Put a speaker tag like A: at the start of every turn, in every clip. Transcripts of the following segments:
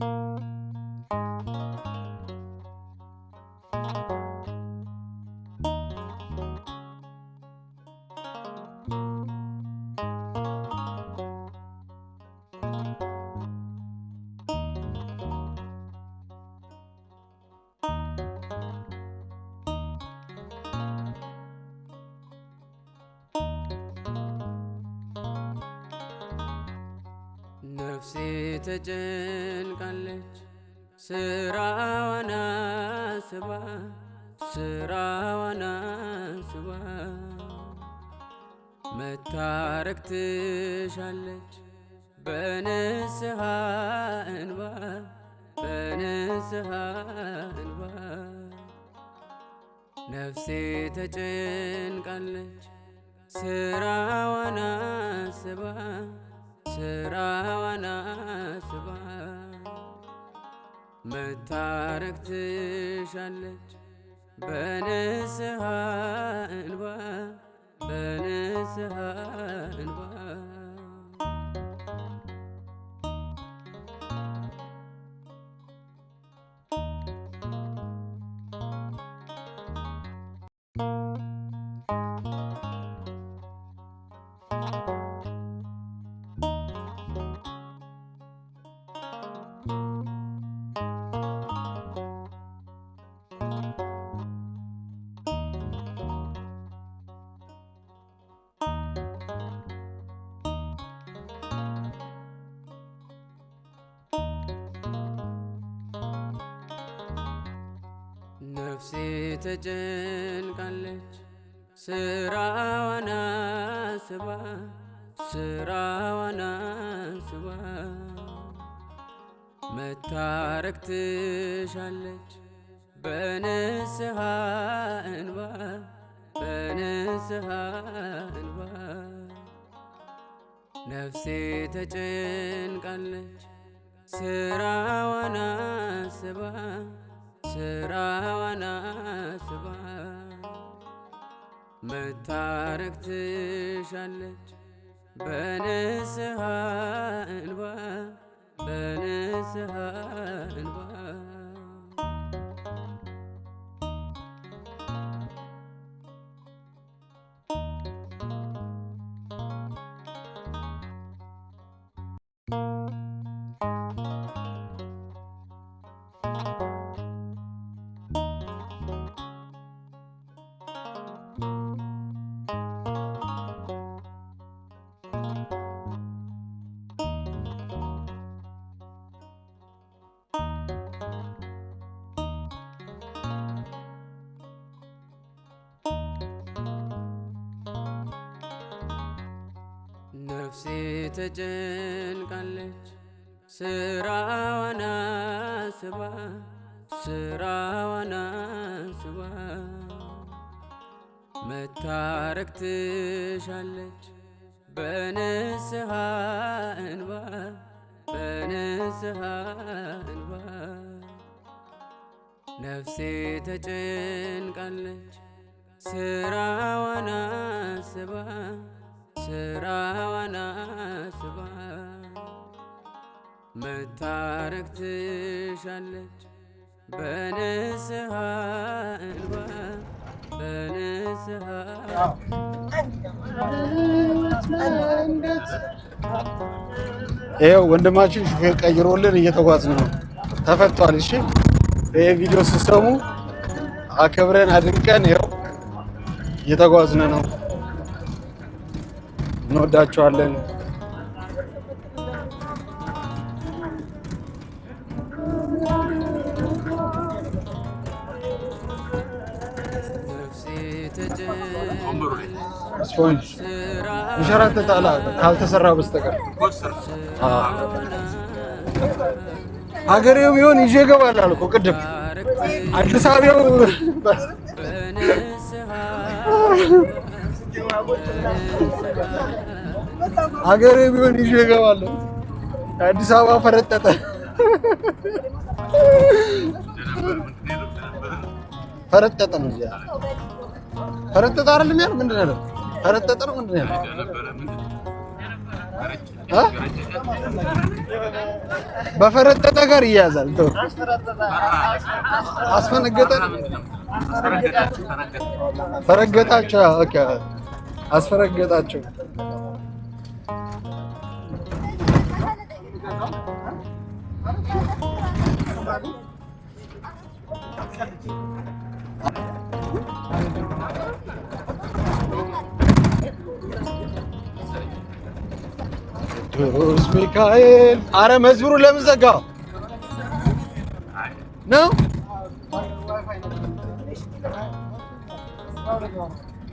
A: thank you ተጨንቃለች ስራዋን አስባ ስራዋን አስባ መታረቅ ትሻለች በንስሐ እንባ በንስሐ እንባ ነፍሴ ተጨንቃለች ስራዋን አስባ ስራዋን አስባ መታረቅ ትሻለች በንስሐ እንባ በንስሐ እንባ ነፍሴ ተጨንቃለች ስራዋን አስባ ስራዋን አስባ መታረቅ ትሻለች በንስሐ እንባ በንስሐ እንባ ነፍሴ ተጨንቃለች ስራዋን አስባ ስራዋን አስባ መታረቅ ትሻለች በንስሐ እንባ በንስሐ እንባ ነፍሴ ተጨንቃለች ስራዋን አስባ ስራዋን አስባ መታረቅ ትሻለች በንስሐ እንባ በንስሐ እንባ ነፍሴ ተጨንቃለች ስራዋን አስባ ስራዋን አስባ መታረቅ ትሻለች በንስሐ እንባ
B: ወንድማችን ሹፌር ቀይሮልን እየተጓዝን ነው። ተፈቷል። እሺ ቪዲዮ ስትሰሙ አክብረን አድንቀን ይኸው እየተጓዝን ነው። እንወዳችኋለን። ስፖንጅ ተጣላ ካልተሰራ በስተቀር ሀገሬው ቢሆን ይዤ እገባለሁ አልኩ። ቅድም አዲስ አበባው አገሬ ቢሆን ይዤ እገባለሁ። አዲስ አበባ ፈረጠጠ። ፈረጠጠ ነው እዚያ ፈረጠጠ አይደለም ያለው። ምንድን ነው ፈረጠጠ ነው ምንድን ነው በፈረጠጠ ጋር ይያዛል። ተው አስፈነገጠ። ፈረገጣቸው ኦኬ አስፈረገጣቸው። ቅዱስ ሚካኤል አረ መዝሙሩ ለምን ዘጋ ነው?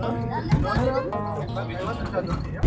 B: 아, 네.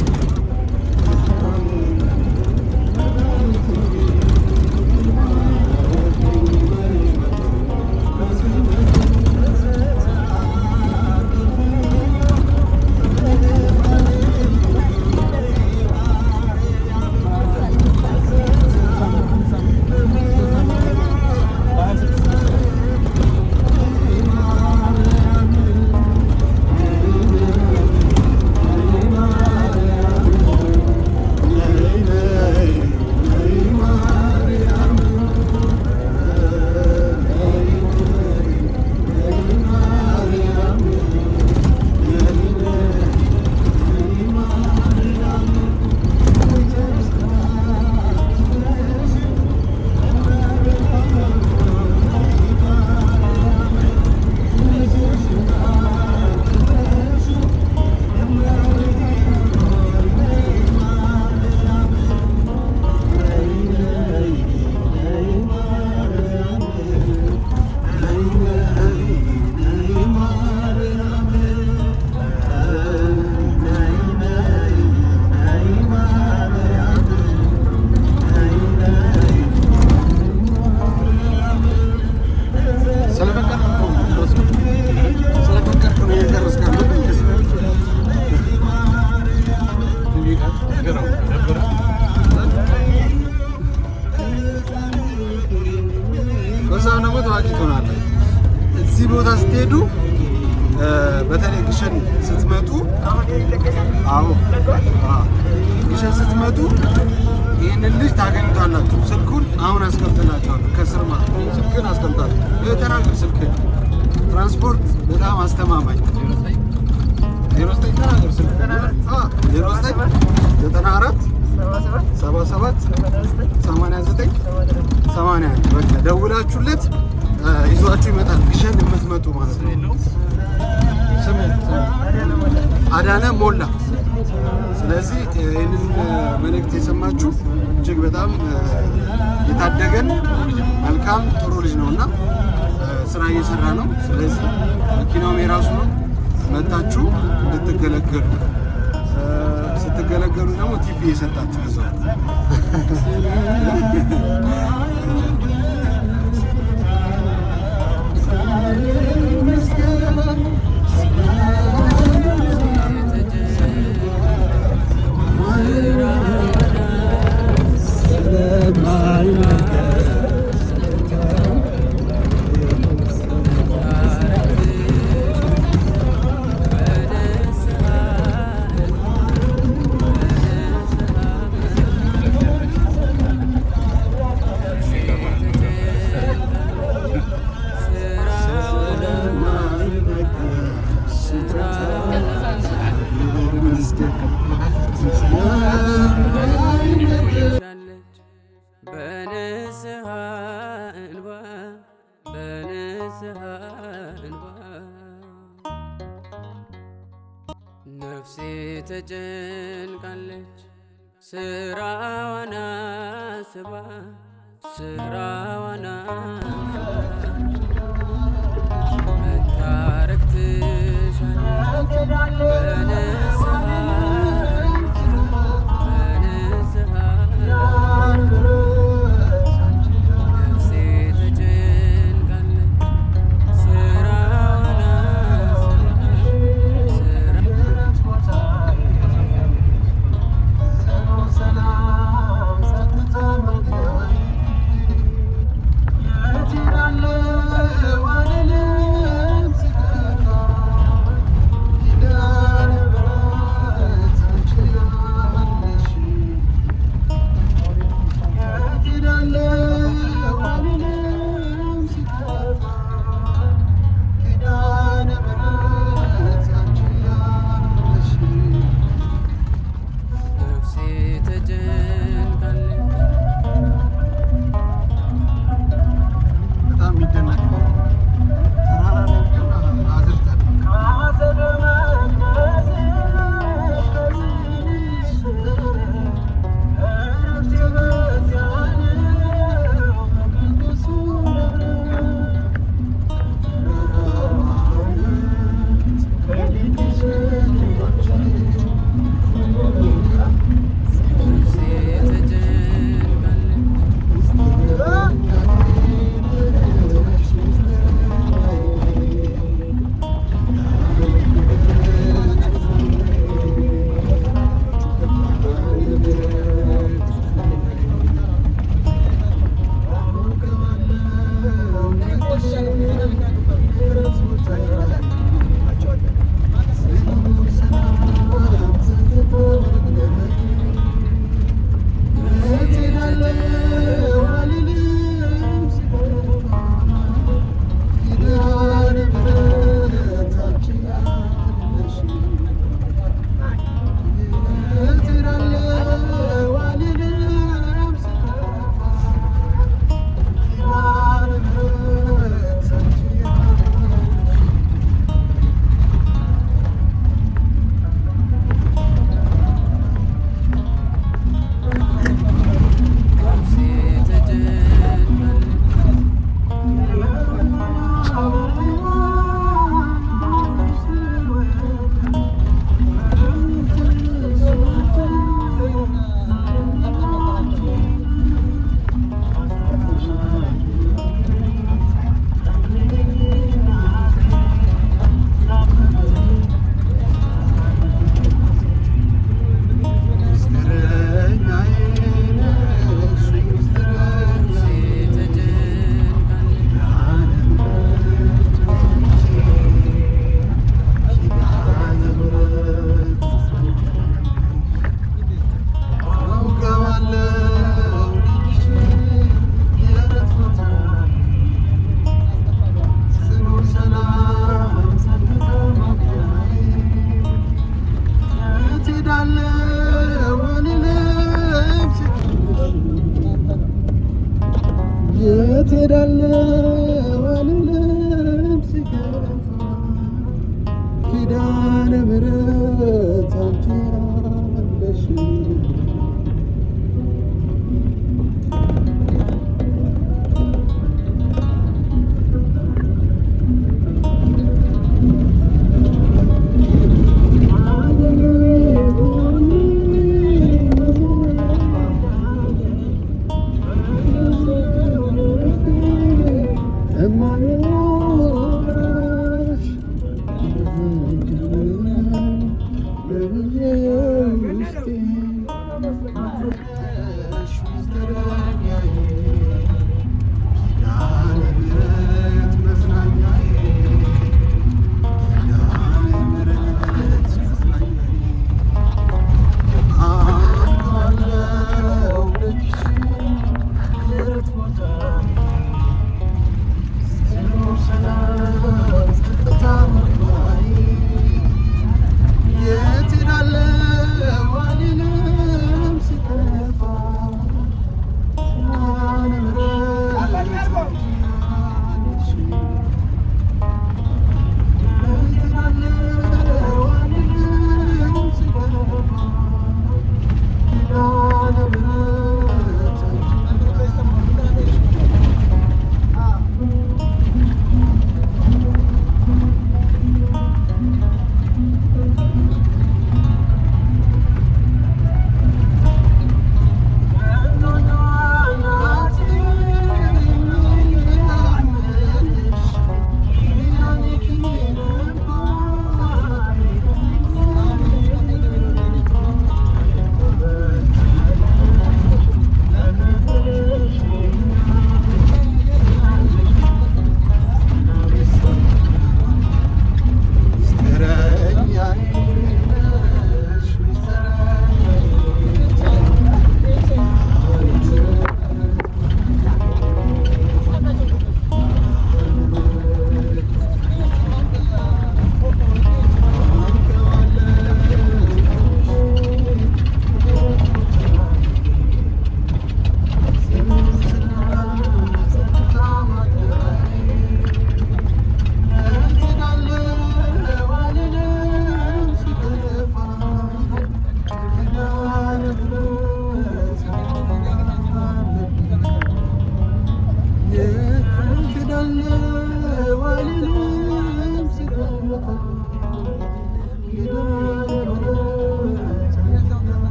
B: ይህንን ልጅ ታገኙታላችሁ። ስልኩን አሁን አስቀምጥላችኋለሁ። ከስርማ ስልክን አስቀምጣል። ሌተራል ስልክ ትራንስፖርት በጣም አስተማማኝ ደውላችሁለት ይዟችሁ ይመጣል። ግሸን የምትመጡ ማለት
C: ነው። ስም
B: አዳነ ሞላ። ስለዚህ ይህንን መልእክት የሰማችሁ እጅግ በጣም የታደገን መልካም ጥሩ ልጅ ነው እና ስራ እየሰራ ነው። ስለዚህ መኪናውም የራሱ ነው። መታችሁ እንድትገለገሉ ስትገለገሉ ደግሞ ቲፒ የሰጣችሁ እዛው
A: ትሻለች በንስሐ እንባ በንስሐ እንባ ነፍሴ ተጨንቃለች ስራዋና ስባ ስራዋና መታረቅ ትሻለች በንስ da la.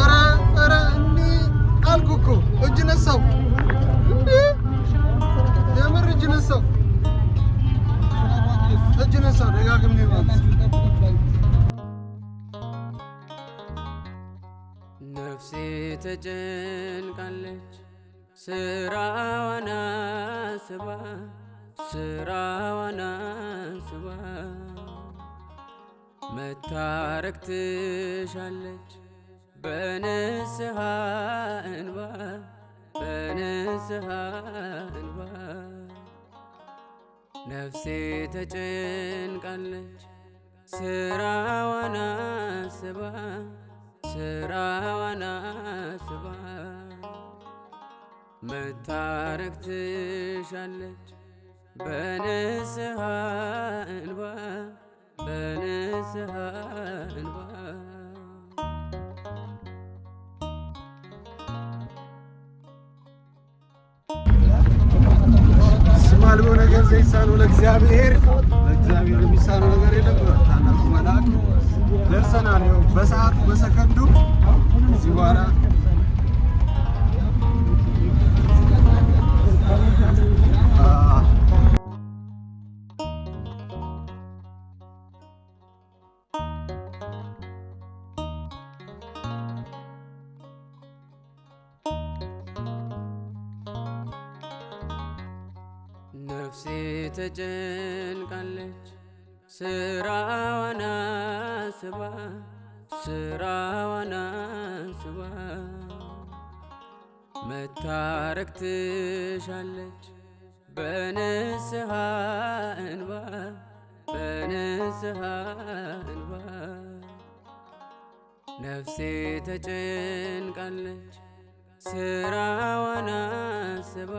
B: ኧረ ኧረ እንዴ አልኩ እኮ እጅ ነሳው። እንዴ የምር እጅ ነሳው፣ እጅ ነሳው። ደጋግሜ ማለት
A: ነፍሴ ተጨንቃለች ስራዋን አስባ ስራዋን አስባ መታረቅ ትሻለች በንስሐ እንባ በንስሐ እንባ ነፍሴ ተጨንቃለች ስራዋና ስባ ስራዋና ስባ መታረቅ ትሻለች በንስሐ እንባ በንስሐ እንባ
B: ስም ነገር ዘይሳነው ለእግዚአብሔር ለእግዚአብሔር የሚሳነው ነገር የለም። ታላቁ መልአክ ደርሰናል። ይኸው በሰዓቱ በሰከንዱ እዚህ በኋላ
A: ነፍሴ ተጨንቃለች ስራዋን አስባ ስራዋን አስባ መታረቅ ትሻለች በንስሐ እንባ በንስሐ እንባ ነፍሴ ተጨንቃለች ስራዋን አስባ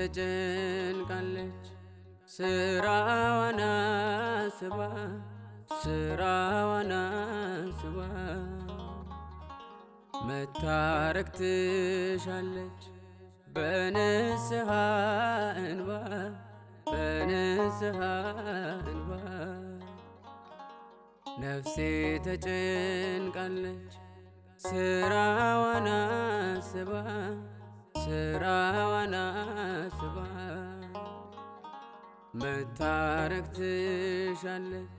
A: ተጨንቃለች ስራዋና ስባ ስራዋና ስባ መታረቅ ትሻለች በንስሐ እንባ በንስሐ እንባ ነፍሴ ተጨንቃለች ስራዋና ስባ ስራዋን አስባ መታረቅ ትሻለች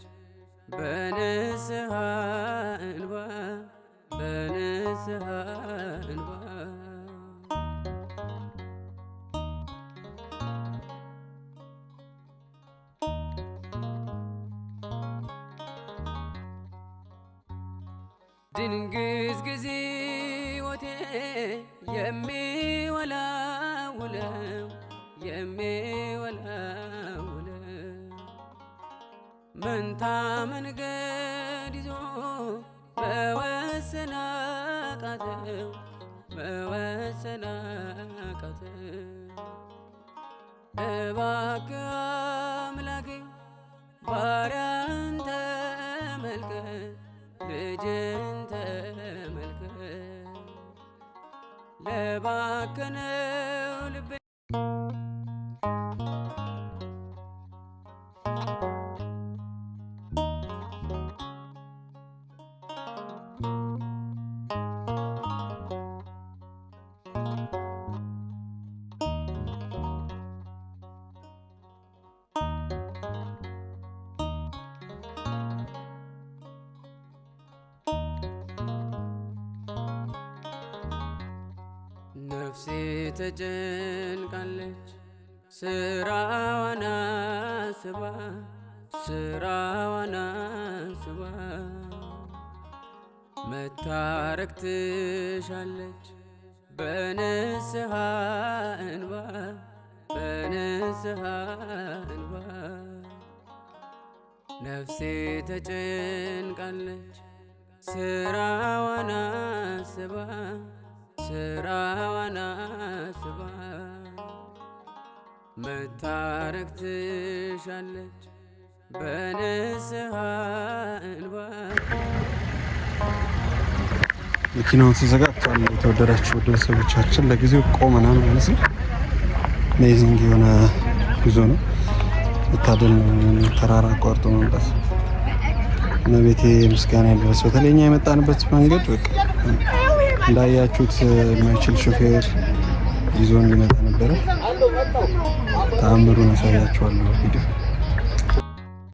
A: በንስሐ እንባ በንስሐ እንባ ድንግዝ ሕይወቴ የሚወላውለው የሚወላውለው መንታ መንገድ ይዞ መወሰን አቃተው መወሰን አቃተው እባክህ አምላኬ ባሪያን ተመልከት ልጅን እባክነው ልቤ ተጨንቃለች ስራዋና ስባ ስራዋና ስባ መታረቅ ትሻለች በንስሐ እንባ በንስሐ እንባ ነፍሴ ተጨንቃለች ስራዋና ስባ ስራዋን አስባ መታረቅ ትሻለች በንስሐ እንባ።
B: መኪናውን ተዘጋግቷል። የተወደዳችሁ ቤተሰቦቻችን ለጊዜው ቆመናል ማለት ነው። አሜዚንግ የሆነ ጉዞ ነው። መታደል ተራራ አቋርጦ መምጣት እና ቤቴ ምስጋና ያለበት በተለይ እኛ የመጣንበት መንገድ በቃ እንዳያችሁት የማይችል ሾፌር ይዞን እንዲመጣ ነበረ። ተአምሩን አሳያችኋለሁ ቪዲዮ